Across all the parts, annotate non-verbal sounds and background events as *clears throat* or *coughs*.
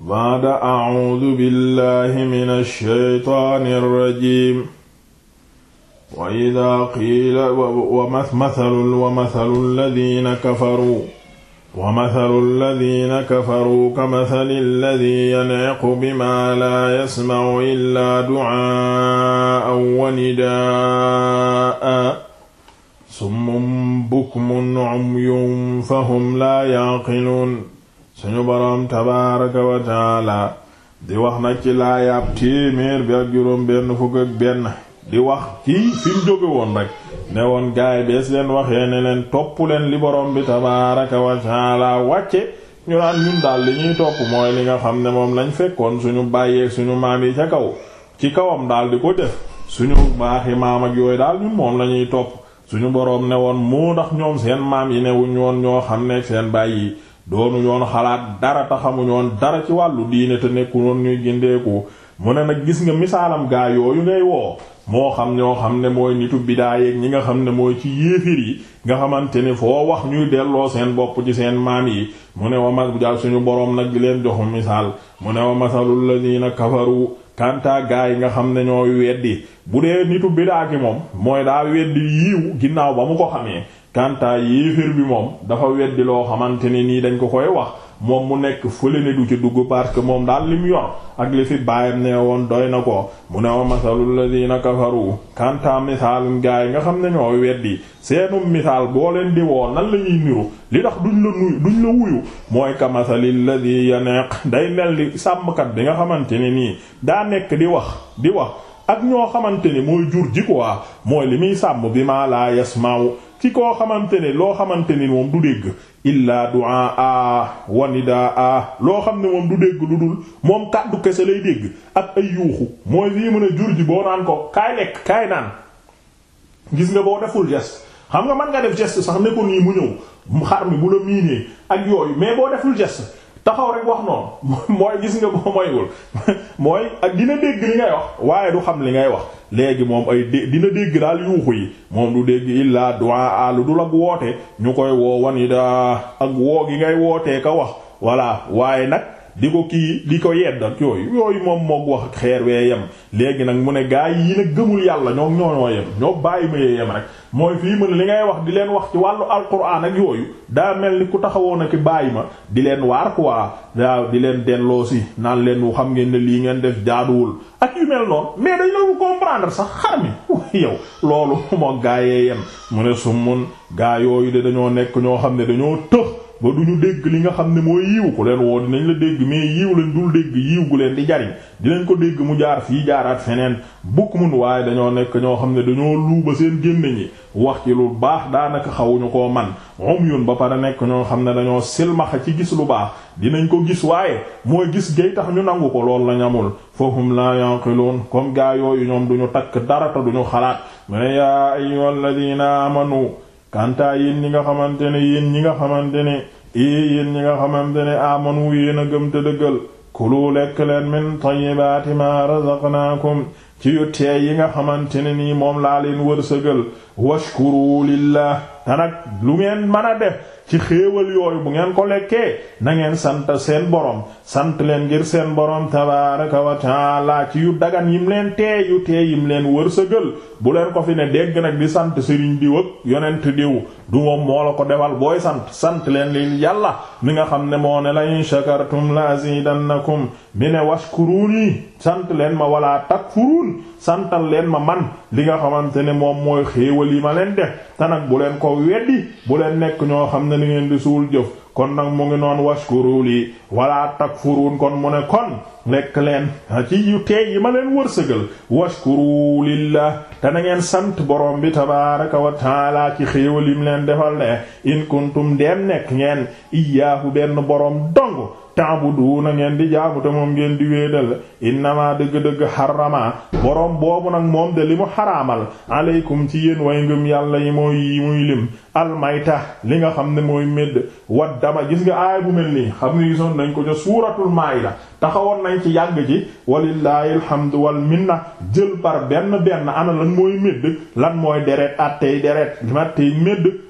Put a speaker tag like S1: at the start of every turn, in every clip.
S1: baada acuudu billahi min alsheytaani alrajim wa ida qiila mathalu wa mathalu alladina kafaruu wa mathalu alladina kafaruu kamathali alladi yan'iqu bima laa yasmacu illa ducaa'an wa nidaa'a summun bukmun umyun fahum laa ya'qiluun suñu boroom tabaaraka wa di wax nag ci laayaab téeméer bi ak juróom benn benn di wax kii jóge woon rek ne woon gaay bees leen waxee ne leen topp leen li boroom bi tabaaraka wa taala wàcce ñun daal li topp mooy li nga xam ne moom lañ fekkoon suñu bàyyeeg suñu maam yi ca kaw ci kawam daal di ko def suñu baaxi maam ak yooyu daal ñun moom la topp suñu boroom ne woon moo ndax ñoom seen maam yi newuñ woon ñoo xam ne seen bàyyi doonu yoon xalaat dara taxamuñoon xamuñoon dara ci wàllu diine te nekkuloon ñuy gindeeku mu ne nag gis nga misaalam gaa yooyu ngay woo moo xam ñoo xam ne mooy nitu bidaayeeg ñi nga xam ne mooy ci yéefir yi nga xamante ni foo wax ñuy delloo seen bopp ci seen maam yi mu ne wa mas suñu boroom nag di leen joxu misaal mu ne wa masalul ladina kafaru kanta gaa yi nga xam ne ñooy weddi bu dee nitu bidaa ki moom mooy daal weddi yiiw ginnaaw ba mu ko xamee kantaa yéeféer bi moom dafa weddi loo xamante ni nii dañ ko koy wax moom mu nekk fële ne ci dugg parce moom daal lim yor ak li fi baayam nee woon doy na ko mu ne wa masalul ladina kafaru kantaa misaalum gaa yi nga xam ne ñoo weddi seenum misaal boo leen di woo nan la ñuy niru li tax duñ la nuyu duñ la wuyu mooy ka masalil ladi yaneeq day mel ni sàmmkat bi nga xamante ne nii daa nekk di wax di wax ak ñoo xamante ni mooy jur ji quoi mooy li muy sàmm bi maa laa yasmaaw ci koo xamante ne loo xamante ni moom du dégg illaa du'a a wanidaa a loo xam ne moom du dégg lu dul moom kàddu kese lay dégg ak ay yuuxu mooy fii mën a jur ji boo naan ko kaay lekk kaay naan gis nga boo deful geste xam nga mën nga def geste sax ne ko nii mu ñëw xar mi bu la miinee ak yooyu mais boo deful geste taxaw rek wax noonu *laughs* mooy gis nga boo moywul *laughs* mooy ak dina dégg li ngay wax waaye du xam li ngay wax léegi moom ay dina dégg daal yuuxu yi moom du dégg illaa du'a alu dul ak woote ñu koy woo wan yi daa ak woo gi ngay wootee ka wax voilà waaye nag di ko kii di ko yedd ak yooyu yooyu moom moog wax ak xeer wee yem léegi nag mu ne gaa yi nag gëmul yàlla ñoo ñoo yem ñoo bàyyi ma yee yem rek mooy fii mu li ngay wax di leen wax ci wàllu alquran ak yooyu daa mel ni ku taxawoon ak bàyyi ma di leen waar quoi di leen delloo si naan leen wu xam ngeen ne lii ngeen def jaaduwul ak yu mel noonu mais dañ la comprendre sax xar mi yow loolu *laughs* moo gaa yee yem mu ne summun gaa yooyu de dañoo nekk ñoo xam ne dañoo tëx ba du ñu dégg li nga xam ne mooy yiw ko leen woo dinañ la dégg mais yiw lañ dul dégg yiw gu leen di jariñ dinañ ko dégg mu jaar fii jaaraat feneen bukk mun waaye dañoo nekk ñoo xam ne dañoo luuba seen gémmiñ yi wax ci lu baax daanaka xawuñu ko man om um yoon ba pare nekk ñoo xam ne dañoo silmaxa ci gis lu baax dinañ ko gis waaye mooy gis gay tax ñu nangu ko lool la ñamul fahum la yanqiloon comme gaa yooyu ñoom duñu takk dara duñu xalaat ma ne yaa ayyuhalladhina amanu kantaa yéen ñi nga xamante ne yéen ñi nga xamante ne i eh, yéen ñi nga xamante ne amanu yéen a gëm te dëggal kulu lekk leen min tayyibaati ma razaqnaakum ci yu teey yi nga xamante ne nii moom laa leen wërsëgal washkuru lillah te nag lu ngeen mën a def ci xéewal yooyu bu ngeen ko lekkee na ngeen sant seen borom sant leen ngir seen borom tabaaraka wa taala ci yu dagan yim leen tee yu tee yim leen wërsëgal bu leen ko fi ne dégg nag di sant sëriñ diw ak yonent diw du moom moo la ko defal booy sant sant leen lil yàlla mi nga xam ne moo ne la in shakartum la azidannakum mi ne washkuruni sant leen ma wala takfurun santal leen ma man li nga xamante ne moom mooy xéewal yi ma leen def te nag bu leen ko weddi bu leen nekk ñoo xam ne li ngeen di suul jëf kon nag mu ngi noon washkuru li wala takfurun kon mu ne kon lekk leen ci yu teey yi ma leen wërsëgal washkuru lillah te na ngeen sant borom bi tabaraka wa taala ci xéewal yim leen defal de in kuntum dem nekk ngeen iyaahu benn borom dong ta'buduuna ngeen di jaamu moom ngeen di wéedal innamaa dëgg-dëgg xarama boroom boobu nag moom de li mu xaraamal aleykum ci yéen way ngëm yàlla yi moo yi muy lim almayta li nga xam ne mooy médd wat dama gis nga aaya bu mel nii xam nga gisoon nañ ko ca suuratul la taxawoon nañ ci yàgg ji walillahi alhamdu wal minna jël par benn benn ana lan mooy médd lan mooy deret attey deret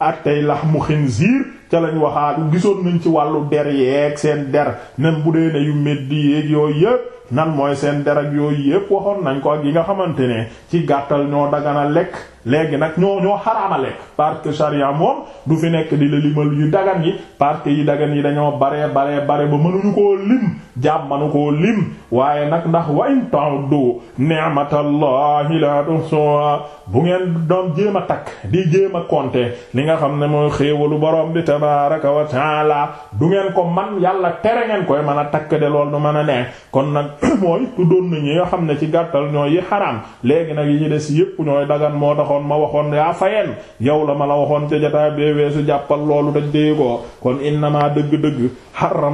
S1: attey lax mu laxmu xinziir ca lañ waxaatu gisoon nañ ci wàllu der yeeg seen der nen bu dee ne yu médd yéeg yooyu yépp nan mooy seen der ak yooyu yépp waxoon nañ ko ak yi nga xamante ne ci gàttal ñoo dagana lekk léegi nag ñoo ñoo xaraama lekk parce que sharia moom du fi nekk di la limal yu dagan yi parce yi dagan yi dañoo baree baree bare ba mënuñu koo lim jàpp koo lim waaye nag ndax wa in ta'uddu ni'matallahi la tuhsuha bu ngeen doon jéem a takk di jéem a compter li nga xam ne mooy xéewalu borom bi tabaaraka wa taala du ngeen ko man yàlla tere ngeen koy mën a takk de lool du mën a ne kon nag *clears throat* mooy tuddoon nañu nga xam ne ci gàttal ñooy yi xaraam léegi nag yi ci des yépp ñooy dagan moo tax taxoon ma waxoon yaa fayeen yow la ma la waxoon ca jotaay bee weesu jàppal loolu dañ dee kon kon maa dëgg-dëgg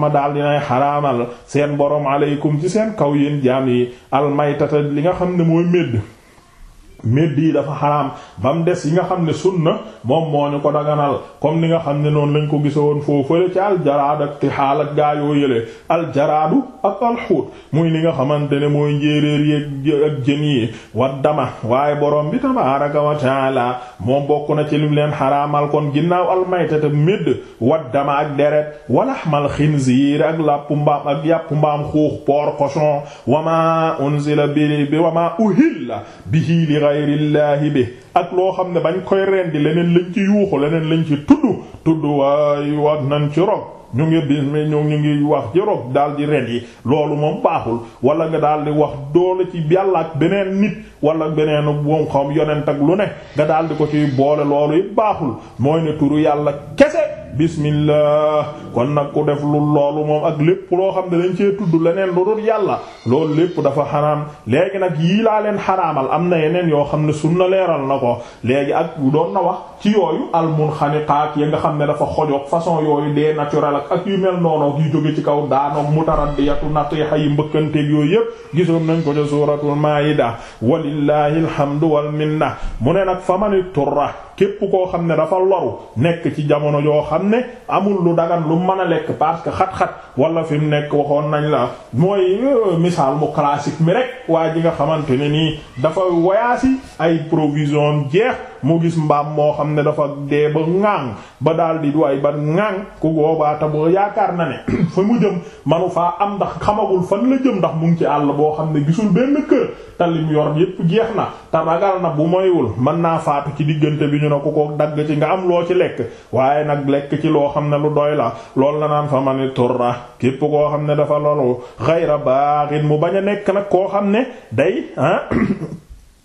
S1: ma daal dinay xaraamal seen borom aleykum ci seen kaw yéen jaam yi almaytata li nga xam ne mooy médd medd yi dafa xaraam bam des yi nga xam ne sunna moom moo ñu ko daganal comme ni nga xam ne noonu lañ ko gisoon foofale ci aljaraad ak tixaal ak gaayoo yële aljaraadu ak alxuut muy li nga xamante ne mooy njéeréer yi ak jën yi wa dama waaye borom bi tabaaraka wa taala moom bokk na ci lim leen xaraamal kon ginnaaw almaytata medd wa dama ak deret walaxmal xinziir ak làppu mbaam ak yàppu mbaam xuux porc cochon wama unzila bi wama uhilla bihi gayrillaahi bi ak loo xam ne bañ koy rendi leneen lañ ci yuuxu leneen lañ ci tudd tudd waay wax nañ ci rog ñu ngi bis ñu ngi wax ci rog daal di ren yi loolu moom baaxul wala nga daal di wax doole ci yàlla ak beneen nit wala beneenu moom xam yonent ak lu ne nga daal di ko ciy boole loolu it baaxul mooy ne turu yàlla kese bismillah kon nag ku def lu loolu moom ak lépp loo xam ne dañ cee tudd leneen lu dul yàlla loolu lépp dafa xaraam léegi nag yii laa leen xaraamal am na yeneen yoo xam ne sunna leeral na ko léegi ak doon na wax ci yooyu almunxaniqaat ya nga xam ne dafa xojoog façon yooyu dee naturel ak yu mel noonoog yu jóge ci kaw daanoog mutaraddiyatu natiixa yi mbëkkanteeg yooyu yépp gisoon nañ ko ci suuratul maayida walillahi alhamdu wal minna mu ne nag famani turra képp koo xam ne dafa loru nekk ci jamono joo xam ne amul lu dagan lu mën a lekk parce que xat-xat wala fi mu nekk waxoon nañ la mooy euh, misaal mu classique mi rek waa ji nga xamante ne nii dafa voyage ay provision jeex mu gis moo xam ne dafa dee ba ba daal di waay ba ŋaang ku boobaa taboo yaakaar na ne *clears throat* fa mu jëm manu faa am ndax xamagul fan la jëm ndax mu ngi ci àll boo xam ne gisul benn kër te lim yor yépp na te ragal bu moywul mën naa faatu ci diggante bi ñu ne ku ko dagg ci nga am loo ci lekk waaye nag lekk ci loo xam ne lu doy la loolu la naan fa ma ni ra képp koo xam ne dafa loolu xayra baaxin mu bañ a nekk nag koo xam ne day ah *clears throat*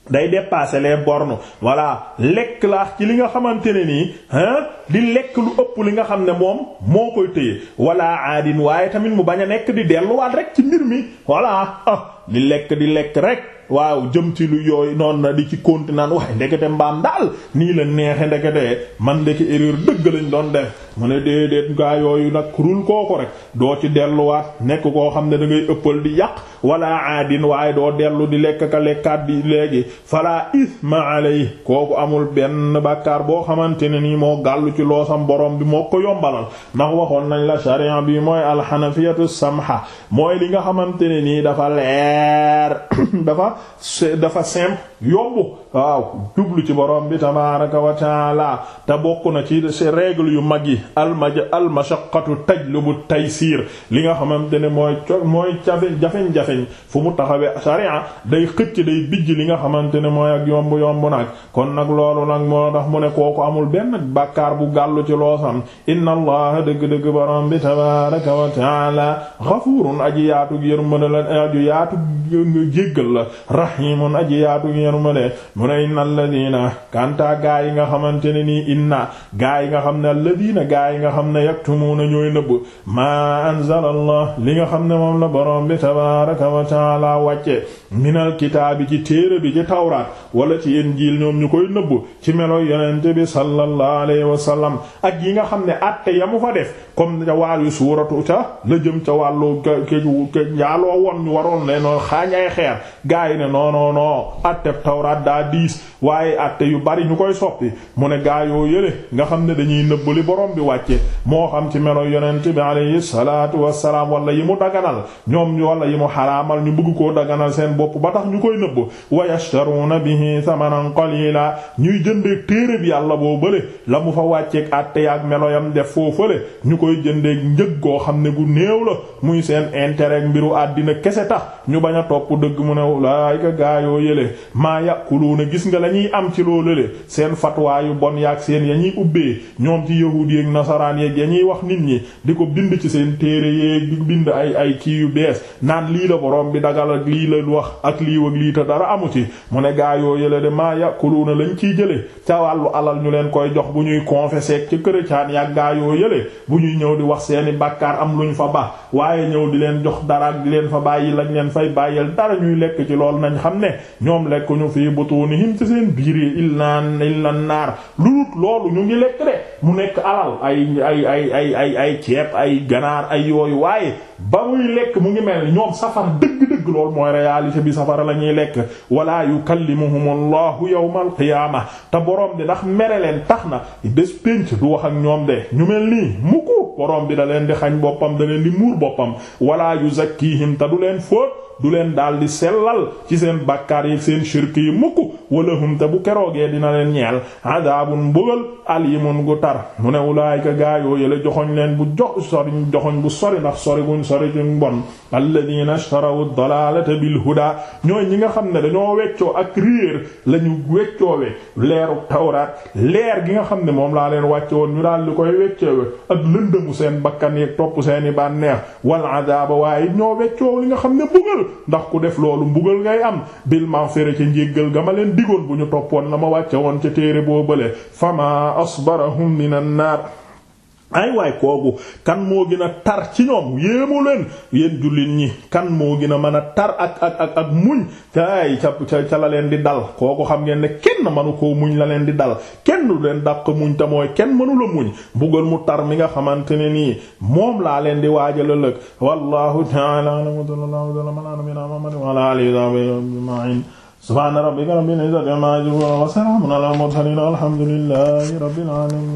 S1: day dépasser les bornes voilà lekk laax ci li nga xamante ne nii hein di lekk lu ëpp li nga xam ne moom moo koy téye wala aadin waaye tamit mu bañ a nekk di delluwaat rek ci mbir mi voilà ah di lekk di lekk rek waaw jëm ci lu yooyu noonu na di ci continuer naan waaye ndekete mbaam daal nii la neexe ndekete man ndeke erreur dëgg lañ doon def mu ne déedéet gaa yooyu nag rul kooku rek doo ci delluwaat nekk koo xam ne dangay ngay ëppal di yàq wala aadin waaye doo dellu di lekk ka lekkaat di léegi fala isma alay kooku amul benn bàkkaar boo xamante ne nii moo gàllu ci loosam borom bi moo ko yombalal ndax waxoon nañ la sharia bi mooy alxanafiyatu samha mooy li nga xamante ne nii dafa leer *coughs* dafa dafa simple yomb waaw jublu ci borom bi tabaaraka wa taala te bokk na ci règle yu mag yi almaja bu tajlubu taysiir li nga xamante ne mooy mooy jafeñ jafeñ jafeñ fu mu taxawee sharia day xëcc day bijj li nga xamante ne mooy ak yomb yomb nag kon nag loolu nag moo tax mu ne kooku amul benn bàkkaar bu gàllu ci loosam inna allaha dëgg-dëgg borom bi tabaaraka wa taala aji yaatu yërmande la aju yaatu jéggal la rahimun aji yaatu ma de mu ne inna alladina kanta gaa yi nga xamante ne nii inna gaa yi nga xam ne alladina gaa yi nga xam ne yaktumuna ñooy nëbb ma anzala allah li nga xam ne moom la borom bi tabaraka wa taala wàcce minal kitaabi ci téere bi ci tawraat wala ci injiil ñoom ñu koy nëbb ci melo yonente bi sallallahu alayhi wa sallam ak yi nga xam ne atte yamu fa def comme ca wàllu suuratu ca la jëm ca wàllu ke ke njaaloo woon ñu waroon le noon xeer gaa yi ne non non tawraat daa diis waaye àtte yu bari ñu koy soppi mu ne gaa yoo yële nga xam ne dañuy nëbb li borom bi wàcce moo xam ci melo yonent bi alayhi salaatu wassalaam wala yi mu daganal ñoom wala yi mu xaraamal ñu bëgg koo daganal seen bopp ba tax ñu koy nëbb wa yashtaruna bihi thamanan qalila ñuy jëndee téeréb yàlla boo bële la mu fa wàcceeg àtte yaak melo yam def foo fële ñu koy jëndeek njëg goo xam ne bu néew la muy seen intérêt mbiru àddina kese tax ñu bañ a topp dëgg mu ne laay ka gaayoo maa yàquluuna gis nga la ñuy am ci loolu le seen fatwa yu bon yaak seen ya ñuy ubbee ñoom ci yahuud yeek nasaraan yeek ya ñuy wax nit ñi di ko bind ci seen téere yeek bind ay ay kii yu bees naan lii la borom bi dagal ak lii la wax ak lii wak lii te dara amu ci mu ne gaa yoo yële de maa yàquluuna lañ ciy jële ca wàllu alal ñu leen koy jox bu ñuy confesser ci chrétien yaak gaa yoo yële bu ñuy ñëw di wax seeni bàkkaar am luñ fa ba waaye ñëw di leen jox dara ak di leen fa bàyyi lañ leen fay bàyyil dara ñuy lekk ci lool nañ lekk lekkuñu fii butunihim ci seen biir yi illa illa naar lu loolu ñu ngi lekk de mu nekk alal ay ay ay ay ay ay ceeb ay ganaar ay yooyu waaye ba muy lekk mu ngi mel ñoom safar dëgg-dëgg loolu mooy réalité bi safara la ñuy lekk wala yukallimuhum allahu yawma alqiyaama te boroom bi ndax mere leen tax na bés pénc du wax ak ñoom de ñu mel nii mukku borom bi da leen di xañ boppam da leen di muur boppam wala yuzakkihim te du leen fóot du leen daal di sellal ci seen bakkaar yi seen shirk yi mukk wala hum te bu keroogee dina leen ñeel adaabun mbugal alimun gu tar mu ne ulaayika gaayoo yëla joxoñ leen bu jox sori joxoñ bu sori ndax sori guñ sori guñ bon alladina ishtarawu dalalata bil huda ñooy ñi nga xam ne dañoo weccoo ak réer lañu weccoowe leeru tawraat leer gi nga xam ne moom laa leen wàcce woon ñu daal di koy weccoowe ak lëndëmu seen bakkan yi topp seeni bànneex wal adaaba waaye ñoo ndax ku def loolu mbugal ngay am bil maghfira ca njéggal nga ma leen digoon bu ñu toppoon la ma wàcce woon ca téere boo bële fama asbarahum na nar ay waay kooku kan moo gën a tar ci ñoom yéemu leen yéen jullit ñi kan moo gën a mën a tar ak ak ak ak muñ caay ca ca la leen di dal kooku xam ngeen ne kenn mënu koo muñ la leen di dal kenn du leen dàq muñ te mooy kenn mënu la muñ buggal mu tar mi nga xamante ne nii moom laa leen di waajal ëllëg wallahu ta'ala a'lam wa salaamun ala al-mursaliin alhamdulillahi rabbil alamin